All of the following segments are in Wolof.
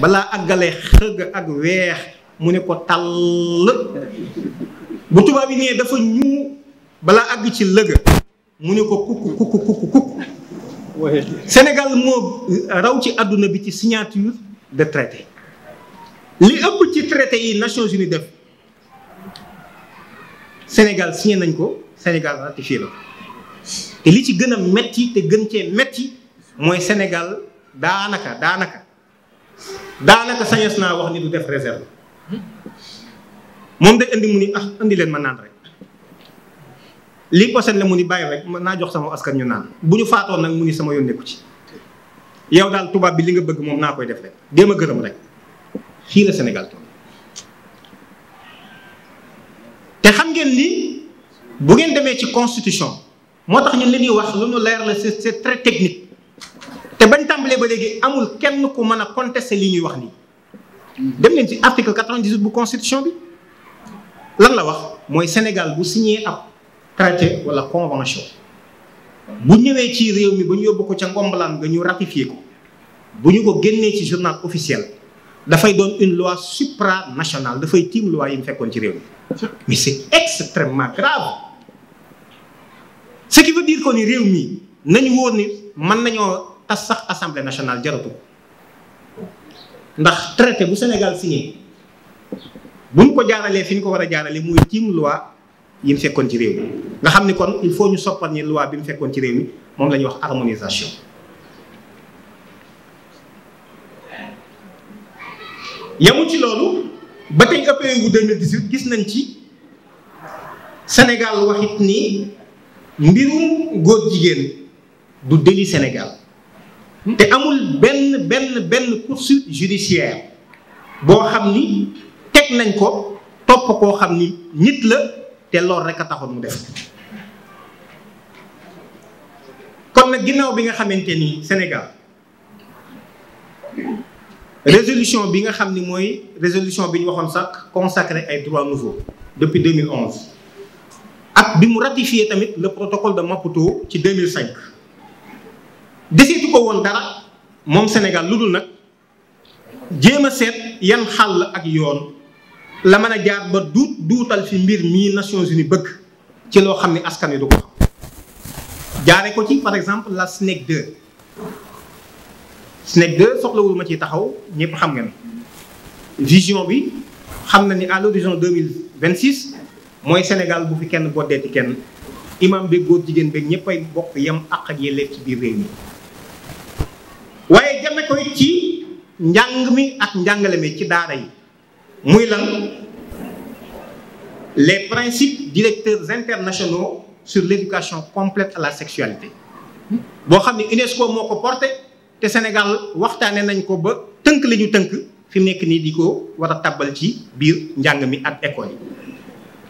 balaa àggalee xëgg ak weex mu ne ko tàll bu tubaab yi nee dafa ñuu balaa àgg ci lëga mu ne ko kukk kukk kukk Sénégal moo raw ci àdduna bi ci signature de traité li ëpp ci traité yi Nations Unies def Sénégal signé nañ ko Sénégal ratifié la te li ci gën a metti te gën cee metti mooy Sénégal daanaka daanaka daanaka sañes naa wax ni du def réserve moom day indi mu ni ah indi leen ma naan rek lii ko seet la mu ni bàyyi rek mën naa jox sama askan ñu naan bu ñu faatoo nag mu ni sama yoon nekku ci yow daal tubaab bi li nga bëgg moom naa koy def rek déem a gërëm rek fii la Sénégal te xam ngeen li bu ngeen demee ci constitution moo tax ñun li ñuy wax lu ñu leer la c'est très technique te bañ tàmbalee ba léegi amul kenn ku mën a contester li ñuy wax ni dem leen ci article 98 bu constitution bi lan la wax mooy Sénégal bu signé ab traité walla convention bu ñëwee ci réew mi ba ñu yóbbu ko ca ngombalaan nga ñu ratifié ko bu ñu ko génnee ci journal officiel dafay doon une loi supranationale dafay tiim loi yi mu fekkoon ci réew mi mais c'est extrêmement grave ce qui veut dire que ni réew mi nañu wóor ni mën nañoo tas sax assemblée nationale jaratu ndax traité bu Sénégal signé buñ ko jaaralee fi ñu ko war a jaaralee muy tiim loi yi mu fekkoon ci réew mi nga xam ni kon il faut ñu soppal ñi loi bi mu fekkoon ci réew mi moom la ñuy wax harmonisation yemu ci loolu ba tey ëppee wu 2018 gis nañ ci Sénégal waxit ni mbirum góor jigéen du déli Sénégal te amul benn benn benn poursuite judiciaire boo xam ni teg nañ ko topp koo xam ni nit la te loolu rek a taxoon mu def kon nag ginnaaw bi nga xamante ni Sénégal résolution bi nga xam ni mooy résolution bi ñu waxoon sax consacré ay droits nouveaux depuis 2011 ak bi mu ratifié tamit le protocole de Maputo ci 2005. deseetu ko woon dara moom Sénégal lu dul nag jéem a seet yan xàll ak yoon la mën a jaar ba duut duutal fi mbir mii Nations Unies bëgg ci loo xam ne askan wi du ko xam jaare ko ci par exemple la SNEC 2 SNEC 2 soxlawul ma ciy taxaw ñëpp xam ngeen vision bi xam na ni mille vingt 2026 mooy Sénégal bu fi kenn boddeeti kenn imam beeg góor jigéen beeg ñëppay bokk yem àq ak yelleef ci biir réew mi waaye jame ko it ci njàng mi ak njàngale mi ci daara yi muy lan les principes directeur internationaux sur l'éducation complète à la sexualité boo xam ne UNESCO moo ko porté te Sénégal waxtaane nañ ko ba tënk lañu tënk fi mu nekk nii di ko war a tabbal ci biir njàng mi ak école yi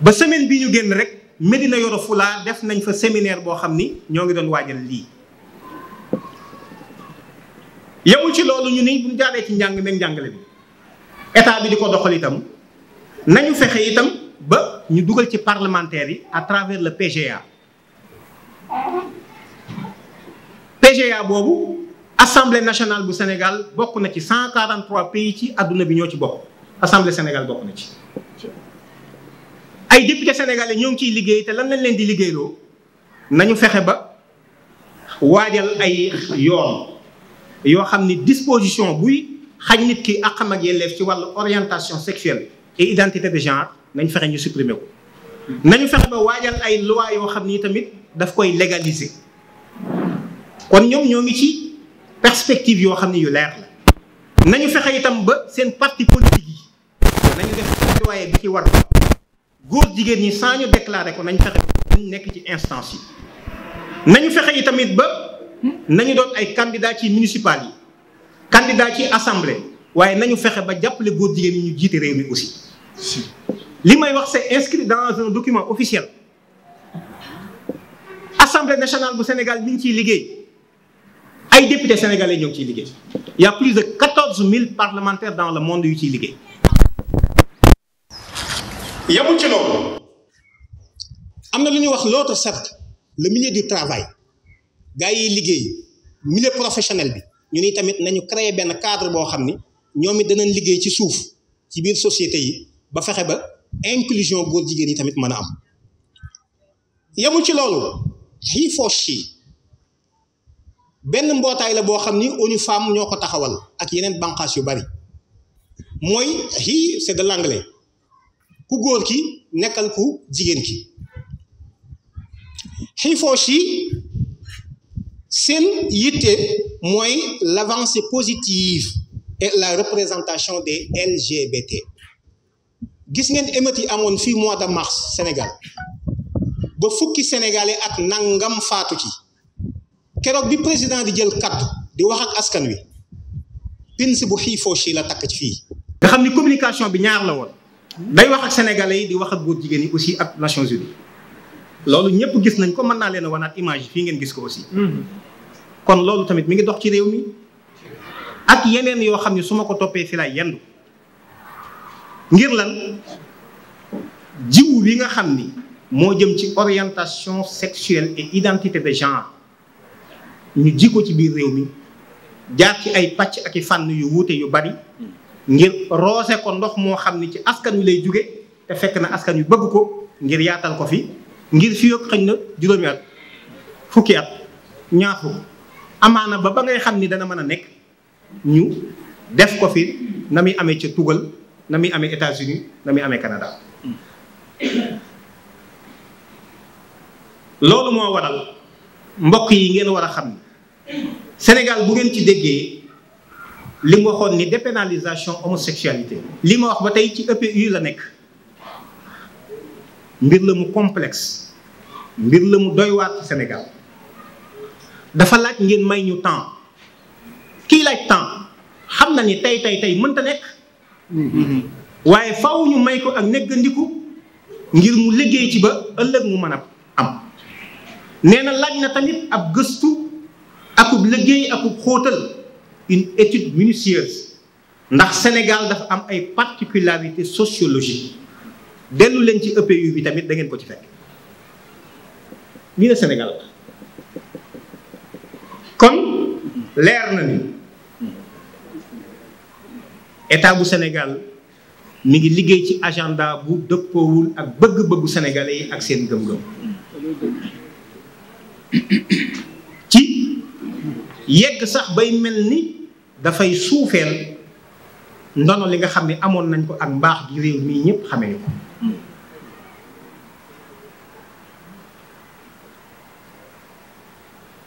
ba semaine bii ñu génn rek Médina Yoro Fula def nañ fa séminaire boo xam ni ñoo ngi doon waajal lii yemul ci loolu ñu ni buñ jaaree ci njàng meeg njàngale bi état bi di ko doxal itam nañu fexe itam ba ñu dugal ci parlementaires yi à travers le PGA PGA boobu assemblée nationale bu Sénégal bokk na ci 143 pays ci àdduna bi ñoo ci bokk assemblée Sénégal bokk na ci ay député sénégalais ñoo ngi ciy liggéey te lan lañ leen di liggéeyloo nañu fexe ba waajal ay yoon yoo xam ni disposition buy xañ nit ki àqam ak yelleef ci wàllu orientation sexuelle et identité de genre nañ fexe ñu supprimer ko nañu fexe ba waajal ay loi yoo xam ni tamit daf koy légalisé kon ñoom ñoo ngi ci perspective yoo xam ni yu leex la nañu fexe itam ba seen parti politique yi nañu def citoyen bi ci war góor jigéen ñi sans ñu déclarer ko nañ fexe nañ nekk ci instance yi nañu fexe itamit ba nañu doon ay candidat ci municipal yi candidat ci assemblée waaye nañu fexe ba jàppale góor jigéen ñi ñu jiite réew mi aussi li may wax c'est inscrit dans un document officiel assemblée nationale bu Sénégal mi ngi ciy liggéey ay députés sénégalais ñoo ciy liggéey y a plus de quatorze dans le monde yu ciy liggéey yamul ci loolu am na lu ñuy wax l'autre cercle le milieu du travail gars yi liggéey milieu professionnel bi ñu nii tamit nañu créer benn cadre boo xam ni ñoomi danañ liggéey ci suuf ci biir société yi ba fexe ba inclusion góor jigéen yi tamit mën a am yemul ci loolu he for she benn mbootaay la boo xam ni ONU Femmes ñoo ko taxawal ak yeneen bànqaas yu bari mooy he c'est de ku góor ki nekkal jigéen ki seen yitte mooy l'avancée positive et la représentation des LGBT gis ngeen émeutes yi amoon fii mois de mars Sénégal ba fukki sénégalais ak nangam faatu ci keroog bi président di jël kàddu di wax ak askan wi pins bu xiifoo si la takk ci fii. nga xam ni communication bi ñaar la woon. day wax ak sénégalais yi di wax ak góor jigéen yi aussi ak Nations Unies. loolu ñëpp gis nañ ko mën naa leen a wanaat image fii ngeen gis ko aussi. Hmm. kon loolu tamit mi ngi dox ci réew mi ak yeneen yoo xam ne su ma ko toppee fi laay yendu ngir lan jiw bi nga xam ni moo jëm ci orientation sexuelle et identité de genre ñu ji ko ci biir réew mi jaar ci ay pàcc ak i fànn yu wuute yu bari ngir roose ko ndox moo xam ni ci askan wi lay jóge te fekk na askan wi bëgg ko ngir yaatal ko fi. ngir fi yokk xëñ na juróomi at fukki at ñaar fukk amaana ba ba ngay xam ni dana mën a nekk ñu def ko fi na muy amee ca tugal na muy amee États-Unis na muy amee Canada loolu moo waral mbokk yi ngeen war a xam ni Sénégal bu ngeen ci déggee li mu waxoon ni dépénalisation homosexualité li ma wax ba tey ci ëpp e EPU la nekk mbir la mu complexe mbir la mu doy waar Sénégal dafa laaj ngeen may ñu temps kii laaj temps xam na ni tey tey tey mënta nekk waaye faw ñu may ko ak neggandiku ngir mu liggéey ci ba ëllëg mu man a am nee na laaj na tamit ab gëstu akub liggéey akub xóotal une étude minutieuse ndax Sénégal dafa am ay particularités sociologie dellu leen ci EPU bi tamit dangeen ko ci fekk lii la Sénégal la kon leer na ni état bu senegal mi ngi liggéey ci agenda bu dëppoowul ak bëgg-bëggu sénégalais ak seen gëm-gëm ci yegg sax bay mel ni dafay suufeel ndono li nga xam ne amoon nañ ko ak mbaax gi réew mii ñëpp xamee ñu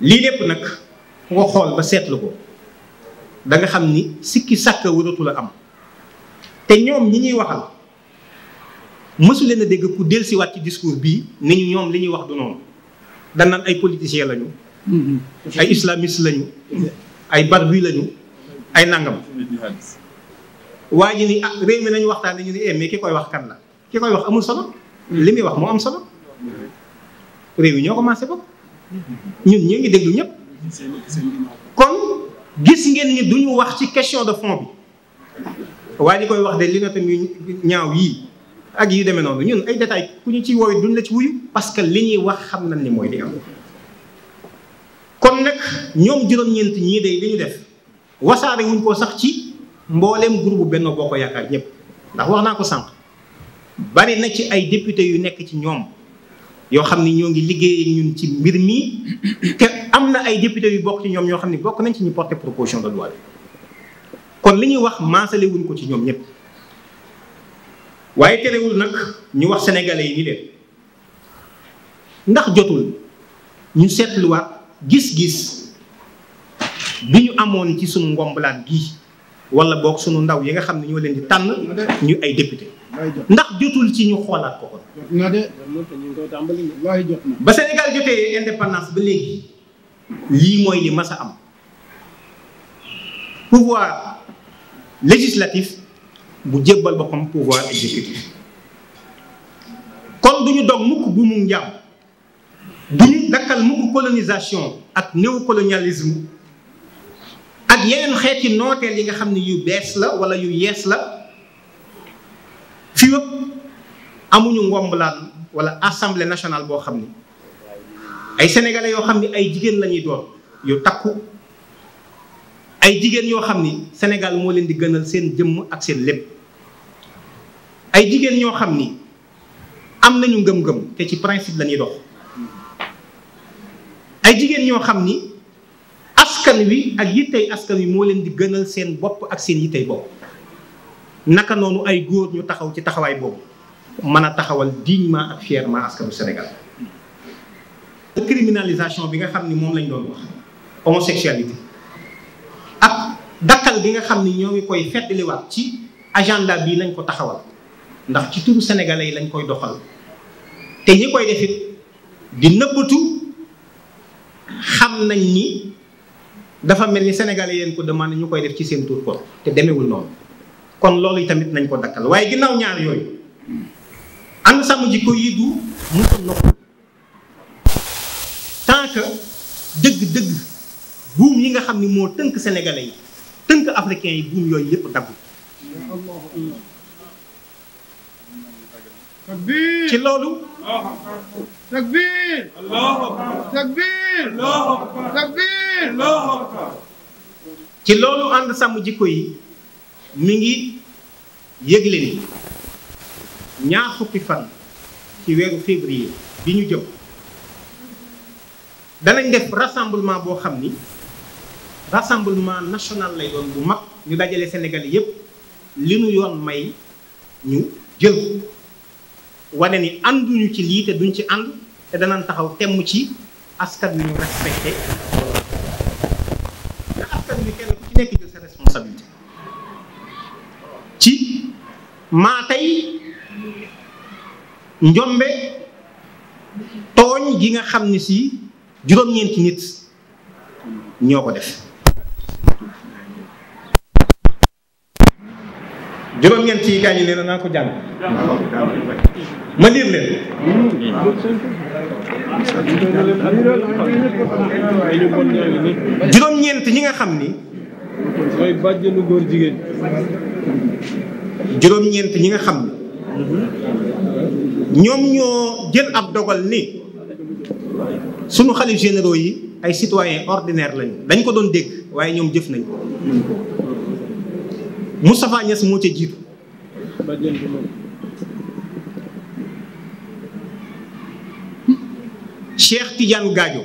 lii lépp nag ku ko xool ba seetlu ko danga xam ni sikki sàkk waratu am te ñoom ñi ñuy waxal mësu leen a dégg ku dellusiwaat ci discours bii ni ñu ñoom li ñuy wax du noonu dañ ay politiciens lañu. Mm-hmm. ay islamistes lañu. ay barbi lañu ay nangam. waa ji ni ah réew mi nañu waxtaanee ñu ne eh, mais ki koy wax kan la ki koy wax amul solo. Mm-hmm. li muy wax moo am solo. réew yi ñoo commencé bopp. ñun ñu ngi déglu ñëpp kon gis ngeen ni duñu wax ci question de fond bi waaye di koy wax de li na tam ñaaw yii ak yu demee noonu ñun ay détails ku ñu ci woowee duñ la ci wuyu parce que li ñuy wax xam nañ ni mooy li am kon nag ñoom juróom-ñeent ñii de li ñu def wasaare wuñ ko sax ci mbooleem groupe Benno Bokk Yaakaar ñëpp ndax wax naa ko sànq bari na ci ay député yu nekk ci ñoom yoo xam ne ñoo ngi liggéey ñun ci mbir mi te am na ay député yu bokk ci ñoom ñoo xam ni bokk nañ si ñu porté proposition de loi bi kon li ñuy wax maasale wuñ ko ci ñoom ñëpp waaye terewul nag ñu wax sénégalais yi ni leen ndax jotul ñu seetluwaat gis-gis bi ñu amoon ci suñu ngomblaan gii wala boog sunu ndaw yi nga xam ne ñoo leen di tànn ñu ay député ndax jotul ci ñu xoolaat ko kon. ba Sénégal jotee indépendance ba léegi lii mooy li mas a am pouvoir législatif bu jébbal boppam pouvoir exécutif kon duñu dog mukk bu mu njaam duñu dakkal mukk colonisation ak néocolonialisme ak yeneen xeeti nooteel yi nga xam ne yu bees la wala yu yees la fii yëpp amuñu ngomblaan wala assemblée nationale boo xam ni ay sénégalais yoo xam ni ay jigéen la ñuy doon yu takku ay jigéen yoo xam ni Sénégal moo leen di gënal seen jëmm ak seen lépp ay jigéen ñoo xam ni am nañu ngëm-ngëm te ci principe lañuy ñuy dox ay jigéen ñoo xam ni askan wi ak yittey askan wi moo leen di gënal seen bopp ak seen yittey bopp. naka noonu ay góor ñu taxaw ci taxawaay boobu mën a taxawal dignement ak aska askanu Sénégal criminalisation bi nga xam ni moom lañu doon wax homosexualité ak dakkal bi nga xam ni ñoo ngi koy feddliwaat ci agenda bii lañ ko taxawal ndax ci turu sénégalais yi lañ koy doxal te ñi koy defit di nëbbatu xam nañ ni dafa mel ni sénégalais yéen ko demandé ñu koy def ci seen tur ko te demewul noonu kon loolu tamit nañ ko dakkal waaye ginnaaw ñaar yooyu ànd sàmm jikko yi du musul nopp tant que dëgg-dëgg buum yi nga xam ni moo tënk sénégalais yi tënk africains yi buum yooyu yépp daggu loolu. ci loolu ànd sàmm jikko yi. mi ngi yëgle ni ñaar fukki fan ci weeru février bi ñu jëm danañ def rassemblement boo xam ni rassemblement national lay doon bu mag ñu dajale Sénégal yépp li nu yoon may ñu jël wane ni ànduñu ci lii te duñ ci ànd te danañ taxaw temm ci askan wi ñu respecté ndax askan wi kenn ku ci nekk ci maa tey njombe tooñ gi nga xam ni si juróom-ñeenti nit ñoo ko def juróom-ñeent yi kaay yi leen naa ko jàng ma liir leen juróom-ñeent ñi nga xam ni mooy juróom-ñeent ñi nga xam ne ñoom ñoo jël ab dogal ni sunu xalif généraux yi ay citoyen ordinaire lañu dañ ko doon dégg waaye ñoom jëf nañ ko Moustapha Niass moo ca jiitu Cheikh Tidiane Gadio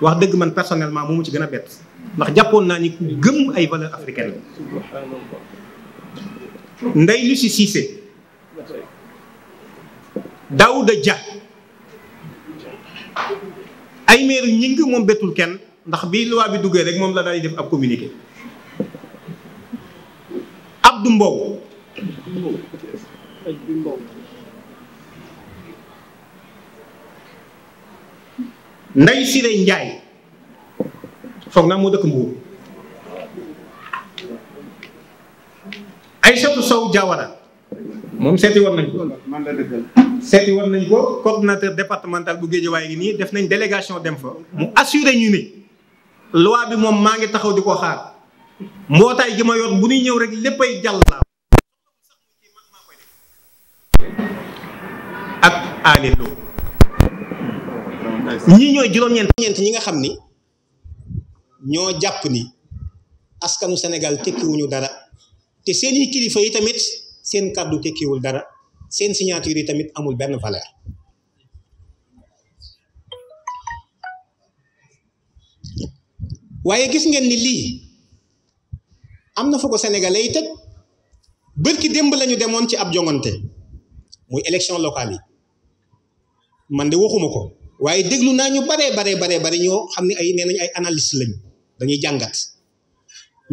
wax dëgg man personnellement mu mu ci gën a bett ndax jàppoon naa ni ku gëm ay valeurs africaines la Ndeye Lucie Cissé Daouda Dia ay maire ñi moom bettul kenn ndax bi loi bi duggee rek moom la daal di def ab communiqué Abdou Mbow Ndeye Siré njaay foog naa moo dëkk Mbour Aïssatou Sow Diawara moom seeti war nañ ko nañ ko coordinateur départemental bu Guédiawaye gi nii def nañ délégation dem fa mu assuré ñu ni loi bi moom maa ngi taxaw di ko xaar mbootaay gi ma yor bu ñuy ñëw rek léppay jàll laa ak Aliou ñii ñooy juróom-ñeent ñeent ñi nga xam ni ñoo jàpp ni askanu Sénégal tekkiwuñu dara te seeni kilifa yi tamit seen kàddu tekkiwul dara seen signature yi tamit amul benn valeur waaye gis ngeen ni lii am na fa ko sénégalais yi teg bërki démb lañu demoon ci ab jongante muy élection locale yi man de waxuma ko waaye déglu naa ñu baree bare baree bari ñoo xam ne ay nee nañ ay analyste lañu dañuy jàngat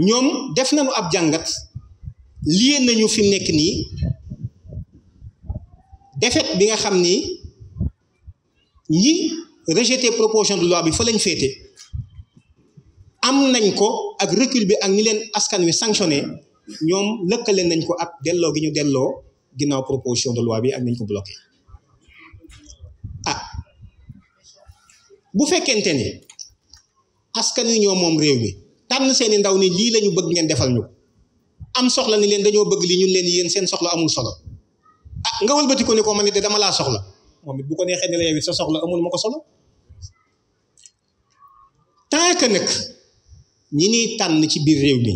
ñoom def nañu ab jàngat liyee nañu fi mu nekk nii défaite bi nga xam ni ñi rejeté proposition de loi bi fa lañ féete am nañ ko ak recul bi ak ñi leen askan wi sanctionné ñoom lëkkale nañ ko ak delloo gi ñu delloo ginnaaw proposition de loi bi ak nañ ko bloqué ah bu fekkente ni. askan wi ñoo moom réew mi tànn seeni ndaw ni lii lañu bëgg ngeen defal ñu am soxla ni leen dañoo bëgg li ñun leen yéen seen soxla amul solo ah nga wëlbati ko ni ko man it dama laa soxla moom it bu ko neexee ne la yow it sa soxla amul ma ko solo tant que nag ñi ñuy tànn ci biir réew mi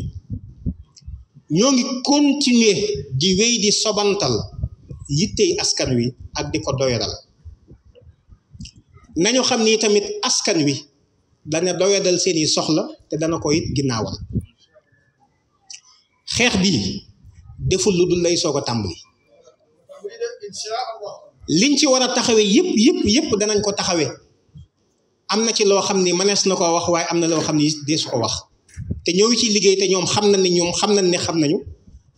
ñoo ngi continuer di wéy di sobantal yittey askan wi ak di ko doyaral na nañu xam ni tamit askan wi dana doyadal seeni soxla te dana ko it xeex bi deful lu dul lay soog a tàmbali liñ ci war a taxawe yëpp yëpp yëpp danañ ko taxawe am na ci loo xam ni mënees na ko wax waaye am na loo xam ni deesu ko wax te ñoo ci liggéey te ñoom xam na ne ñoom xam nañ ne xam nañu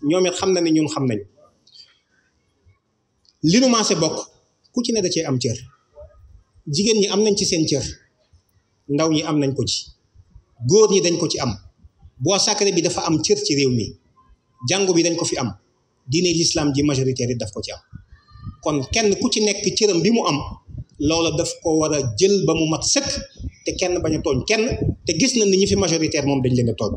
ñoom it xam na ne ñun xam nañu li nu bokk ku ci ne da cee am cër jigéen ñi am nañ ci seen cër ndaw ñi am nañ ko ci góor ñi dañ ko ci am boo sacré bi dafa am cër ci réew mi jàngu bi dañ ko fi am diine l'islam ji majoritaire it daf ko ci am kon kenn ku ci nekk cëram bi mu am loola daf ko war a jël ba mu mat sëkk te kenn bañ a tooñ kenn te gis na ni ñi fi majoritaire moom dañ leen a tooñ